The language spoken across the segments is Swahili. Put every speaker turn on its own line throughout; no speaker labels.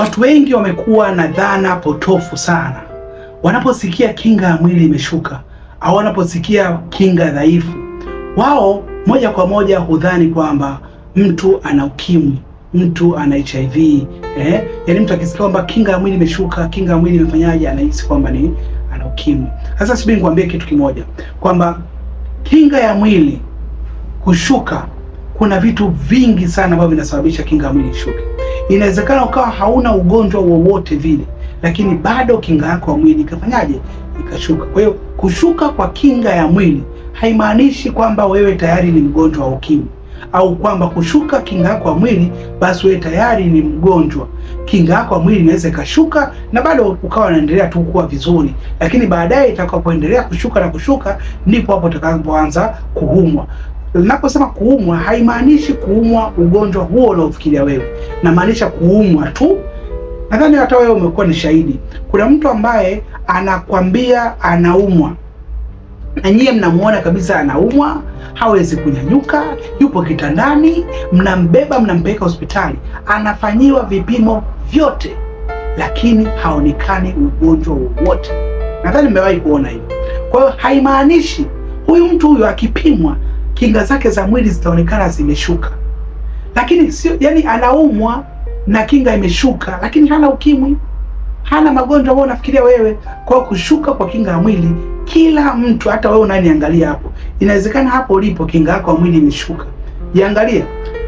Watu wengi wamekuwa na dhana potofu sana. Wanaposikia kinga ya mwili imeshuka au wanaposikia kinga dhaifu, wao moja kwa moja hudhani kwamba mtu ana ukimwi, mtu ana HIV eh? Yaani mtu akisikia kwamba kinga ya mwili imeshuka, kinga ya mwili imefanyaje, anahisi kwamba ni ana ukimwi. Sasa subiri nikwambie kitu kimoja, kwamba kinga ya mwili kushuka kuna vitu vingi sana ambavyo vinasababisha kinga ya mwili ishuke. Inawezekana ukawa hauna ugonjwa wowote vile, lakini bado kinga yako ya mwili ikafanyaje? Ikashuka. Kwa hiyo kushuka kwa kinga ya mwili haimaanishi kwamba wewe tayari ni mgonjwa wa ukimwi au kwamba kushuka kinga yako ya mwili basi wewe tayari ni mgonjwa. Kinga yako ya mwili inaweza ikashuka na bado ukawa unaendelea tu kuwa vizuri, lakini baadaye itakapoendelea kushuka na kushuka, ndipo hapo utakapoanza kuumwa. Unaposema kuumwa haimaanishi kuumwa ugonjwa huo unaofikiria wewe, namaanisha kuumwa tu. Nadhani hata wewe umekuwa ni shahidi. Kuna mtu ambaye anakwambia anaumwa na nyie mnamuona kabisa anaumwa, hawezi kunyanyuka, yupo kitandani, mnambeba, mnampeleka hospitali, anafanyiwa vipimo vyote, lakini haonekani ugonjwa wowote. Nadhani mmewahi kuona hiyo. Kwa hiyo haimaanishi huyu mtu huyo akipimwa kinga zake za mwili zitaonekana zimeshuka, lakini sio yani, anaumwa na kinga imeshuka, lakini hana ukimwi, hana magonjwa ambayo unafikiria wewe. Kwa kushuka kwa kinga ya mwili, kila mtu, hata wewe unaniangalia hapo, inawezekana hapo ulipo kinga yako ya mwili imeshuka. Jiangalie,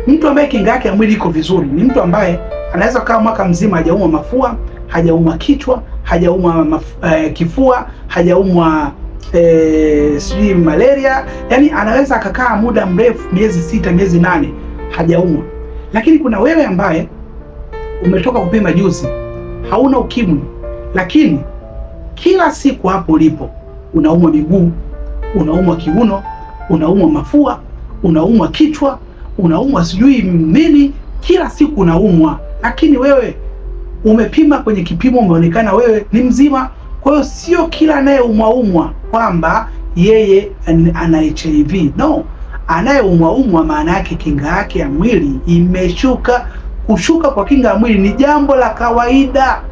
mtu ambaye kinga yake ya mwili iko vizuri ni mtu ambaye anaweza kukaa mwaka mzima hajaumwa mafua, hajaumwa kichwa, hajaumwa eh, kifua, hajaumwa e, sijui malaria, yani anaweza akakaa muda mrefu, miezi sita, miezi nane hajaumwa. Lakini kuna wewe ambaye umetoka kupima juzi, hauna ukimwi, lakini kila siku hapo ulipo unaumwa miguu, unaumwa kiuno, unaumwa mafua, unaumwa kichwa, unaumwa sijui nini, kila siku unaumwa, lakini wewe umepima kwenye kipimo, umeonekana wewe ni mzima. Kwa hiyo sio kila anayeumwaumwa kwamba yeye ana HIV. No, anayeumwaumwa maana yake kinga yake ya mwili imeshuka. Kushuka kwa kinga ya mwili ni jambo la kawaida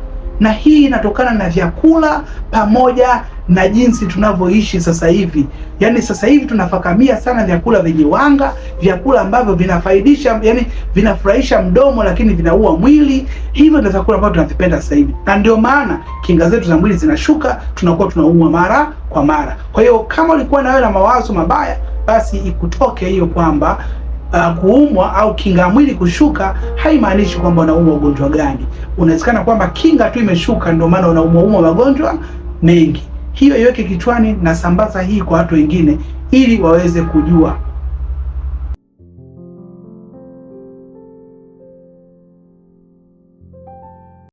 na hii inatokana na vyakula pamoja na jinsi tunavyoishi sasa hivi. Yaani sasa hivi tunafakamia sana vyakula vyenye wanga, vyakula ambavyo vinafaidisha, yani vinafurahisha mdomo lakini vinaua mwili. Hivyo ndio vyakula ambavyo tunavipenda sasa hivi, na ndio maana kinga zetu za mwili zinashuka, tunakuwa tunaumwa mara kwa mara. Kwa hiyo kama ulikuwa na wewe na mawazo mabaya, basi ikutoke hiyo kwamba uh, kuumwa au kinga mwili kushuka haimaanishi kwamba unaumwa ugonjwa gani. Unawezekana kwamba kinga tu imeshuka, ndio maana unaumwaumwa magonjwa mengi. Hiyo iweke kichwani na sambaza hii kwa watu wengine, ili waweze kujua